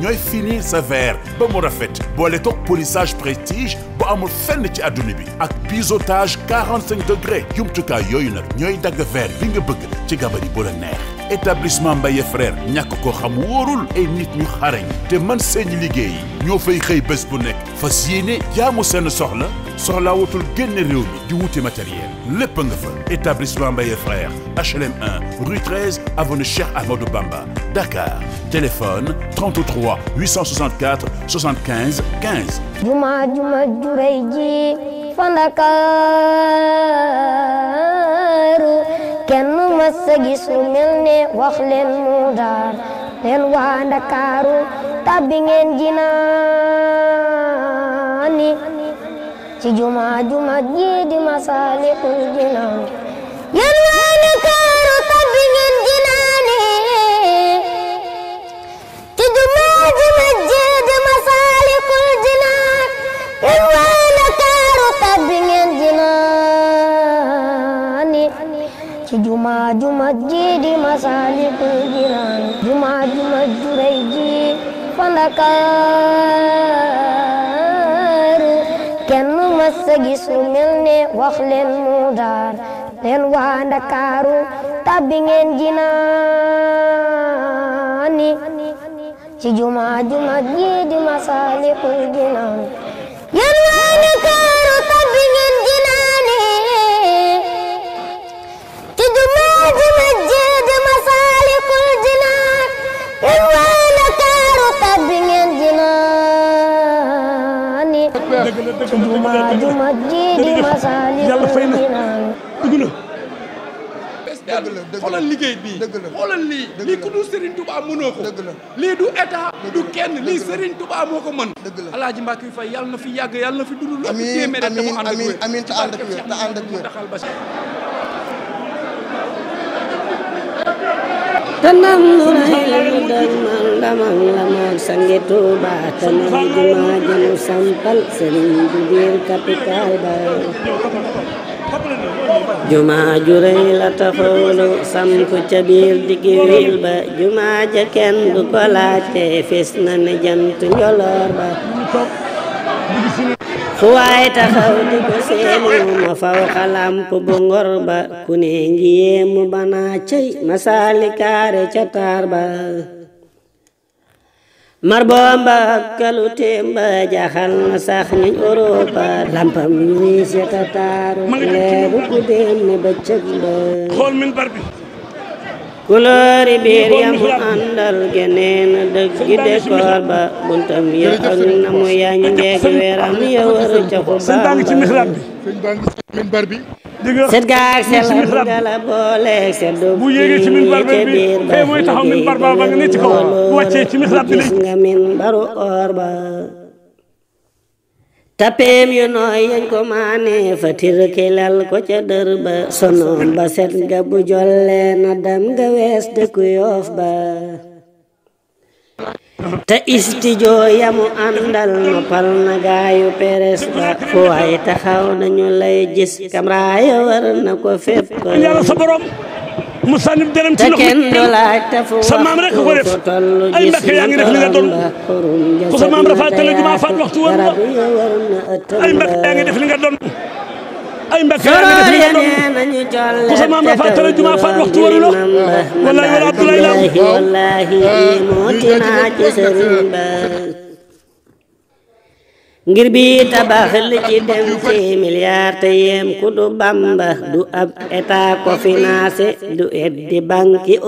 ñooy finir sa verre ba mu rafet boole toog polissage prestige bu amul fenn ci adduna bi ak biseautage 45 degré jumtukaay yooyu nag ñooy dagg verre bi nga bëgg ci gabari bu la neex établissement Mbaye frère ñàkk ko xam wóorul ay nit ñu xarañ te man seeni liggéey yi ñoo fay xëy bés bu nekk fas yéene jaamu seen soxla soxlaa wutul génn réew mi di wuti matériel lépp nga fa établissement Mbaye frère HLM 1 rue 13 avenue Cheikh Amadou Bamba Dakar téléphone 33 864 juray ji fa Ndakaaru kenn masa gisu mel ne wax leen mu daar leen waa Ndakaaru tabbi jinaani ci juma juma ji di Masaalikul Jinaan mës a gis lu mel leen waa Ndakaaru tabbi jinaani ci juma juma ji di Masaalikul Jinaan xoolal liggéey bi dëgg lii lii ku dul Serigne Touba mënoo ko lii du état du kenn lii Serigne Touba moo ko mën alaaji Mbacke Faye yàlla na fi yàgg yàlla na fi dund lu téeméer te mu ànd ak wér amiin te ànd ak wér te ànd tanam nu may lu damam damam lamal sange Tuuba tanam jumaa sampal Serigne bu biir capital ba jumaa ju rëy la ca biir diggi wil ba jumaa ja kenn du ko laajte fis na ne jant njoloor ba xuwaay taxaw di ko seeni ma faw xalamp bu ngor ba ku ne ngi yéemu banaa cey masaali kaare ca taar ba mar bomba kalu temba jaxal na sax ñuñ Europa lampam ñuy seeta taaru leeru guddeem ne bëccëg ba xool min bar bi couleur yi biir yamu geneen dëgg gi décor ba buntam yëpp ak na mu yañ njeeg weeram ya wër ca xubaam ba set gaag set la booleeg set du bu yéegee ci min barbar bi fee mooy taxaw min barbar ba nga ne ci kaw bu wàccee nga min baru oor ba tapeem yu nooy yañ ko maane fa tir kilal ko ca dër ba sonoom ba set nga bu jolle na dam nga wees dëkku yoof ba te istijoo yamu àndal noppal na gaayu peres ba fu waay taxaw nañu lay gis kamraaya war na ko fépp yàlla sa borom mu sànni dërëm ci loxo kenn du laaj te fu sa maam rek ko def ay mbakk yaa ngi def li nga doon ku sa maam rafaatale jumaa faat waxtu war na ay mbakk yaa ngi def li nga doon ay mbàkk yaa ngi def ku sa maam la fàttali juma faat waxtu waru la wallaahi wala Abdoulaye la ngir bi tabax li ci dem ci milliard te yem ku du bamba du ab état ko financé du et di banque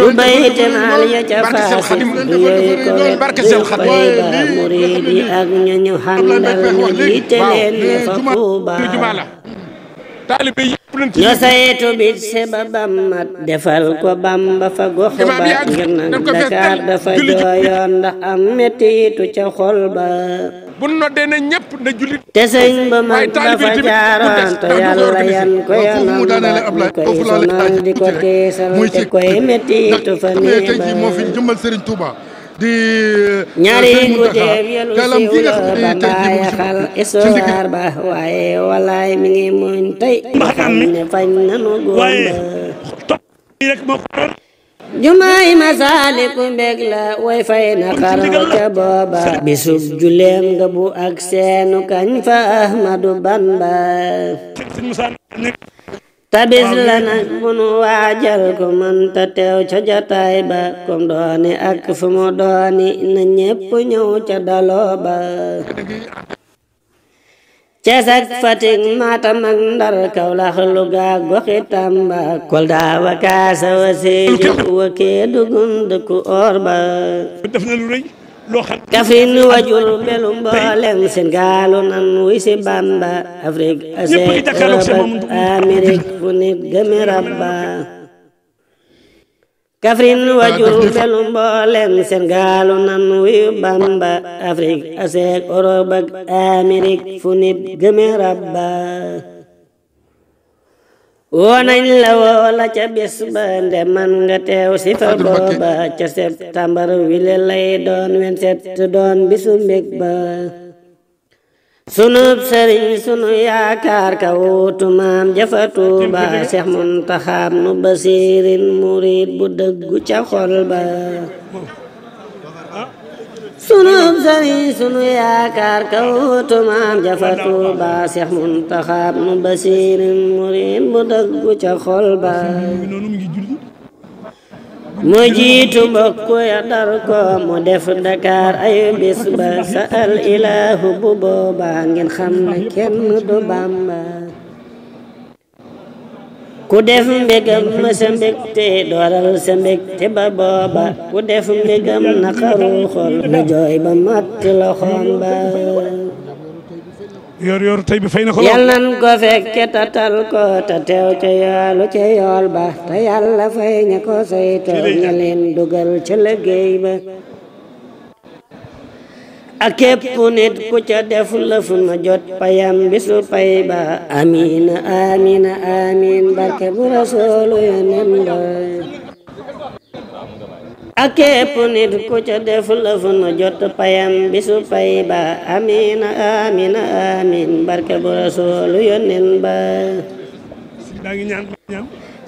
du baytin al ya ca faasi du yooyu ko wet du bayba murid yi ak ñañu xàndal ñu jiite leen ne fa Tuuba nasaytu bi seba bammat defal ko bamba fa goxu ba ngir nag Dakar dafa jooyoon ndax am mettitu ca xol ba bu noddee na ñëpp na julit te sëñ ba mag dafa jaaroon yàlla yan ko yanam ba koy sonal di ko teesal te koy mettitu fa nii ba di euh, ñaari nguuteef yelu siiw la ba mbayaxal histoire ba waaye walaay mi ngi muñ tey xam ne fañ nanu góomba jumaay masaaliku mbég la way fay na ca booba bisub juleem nga bu ak seenu kañ fa ahmadu bamba tabis la nag bunu waajal ko mënta teew ca jataay ba kom dooni ak ñépp ñëw ca daloo ba Cees ak Matam ak Ndar Kawlax Luga goxi Tamba Kolda wa Kaasa wa Séeju wa Kéedugu dëkku or ba loo kafrin wajul mbelu mboolem seen nan wuy bamba afrique asie europe amérique fu gëme rabba woonañ la woola ca bis ba nde nga teew si fa booba ca septembre wile lay doon wen sept doon bisu mbég ba sunub sëriñ sunu yaakaar ka wuutu maam jafa tuuba seex muntaxaam nu basiirin murid bu dëggu ca xol ba sunub sëriñ sunu yaakaar kawtu jafatu ba muntaxaab nu basiirin murid bu ca xol ba mu jiitu mbokku ya dar mu def Dakar ayu bis al ilaahu bu booba xam ne kenn du Bàmba ku def mbégam sa mbégte dooral sa mbégte ba booba ku def mbégam naqarul xol na jooy ba matt loxoom ba yor yor tey bi fay na ko yal nan ko fekke tatal ko te teew ca yoolu ca yool ba te fay ña ko saytoo ña leen dugal ca liggéey ba ak képp nit ku ca def lëf nu jot payam bisu pay ba amiin barke bu rasoolu yonen ba ak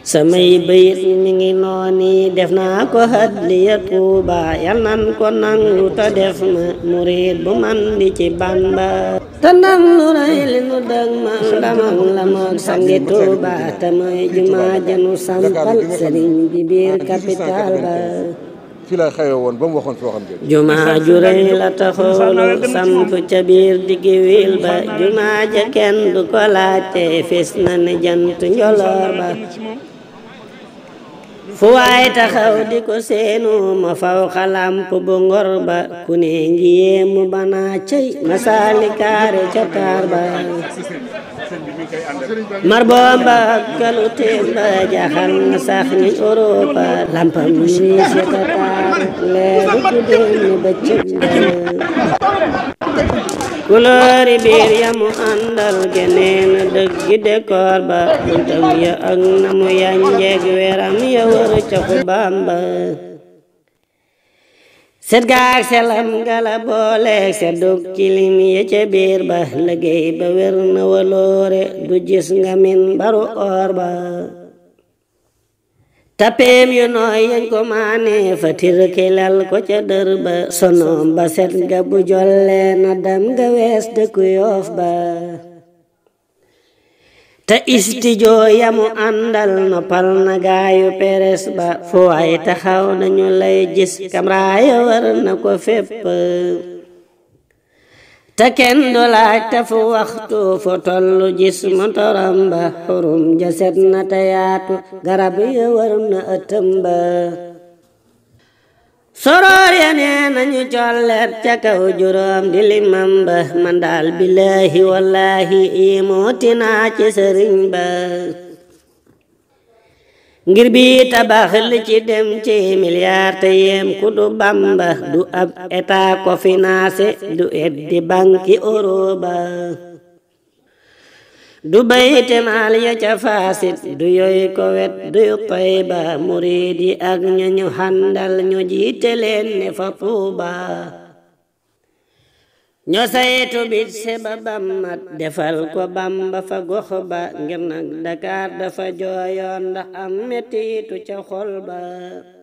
samay bayit mi ngi nooni def naa ko haddiya Tuuba yal nan ko nangu ta def ma murid bu man ci Bamba te nan lu rëy li nu dëg ma ndamam la moog ba ci la mu waxoon foo jumaa ju rëy la taxoolu samp ca biir diggi ba jumaa ja kenn du ko laajte fis na ni jant njoloor ba fu waay taxaw di ko seenu ma faw xalamp bu ngor ba ku ne ngi yéemu banaa cey ma saali kaare ca taar ba mar bomba kalu teen ba jaxal na sax ni Europa lampam ni si ka taar leeru guddee ni bëccëg kuloori biir ya mu àndal geneen dëggi dékoor ba buntam ya ak na mu yanjeeg weeram ya wër coxu bamba set selam gala booleeg se cilim ya ca ba liggéey ba wér na waloore du gis nga min baru oor ba tapeem yu nooy yañ ko maane fatir kilal ko ca dër ba sonoom ba set ga bu jolle na dam ga wees dëkku yoof ba te istijoo yamu àndal noppal na gaayu peres ba fu waay taxaw nañu lay gis kamraaya war na ko fépp te kenn du laaj fu waxtu fu tollu gis motoram xurum ja set na te yaatu garab ya wër na ëttam ya nee nañu colleet ca kaw juróom di limam ba man billaahi wallaahi ii mootinaa ci sëriñ ngir bi tabax li ci dem ci milliard yem ku du bamba du ab état ko financé du et di Europe du bayti maal ca faasit du yoy ko du pay ba murid yi ak ña ñu xandal ñu jiite leen ne fa Tuuba ñoo saytu biit seba bammat defal ko bamba fa gox ba ngir nag Dakar dafa jooyoon ndax am mettitu ca xol ba